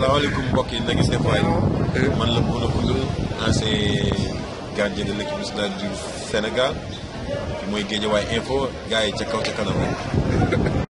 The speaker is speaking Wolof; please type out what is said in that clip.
salaamaaleykum mbokk yi Nagui Sefaye man la Bouna Koundoul ancien gardien de l'équipe nationale du Sénégal mooy Guédiawaye info gars yi ca kaw ca kanam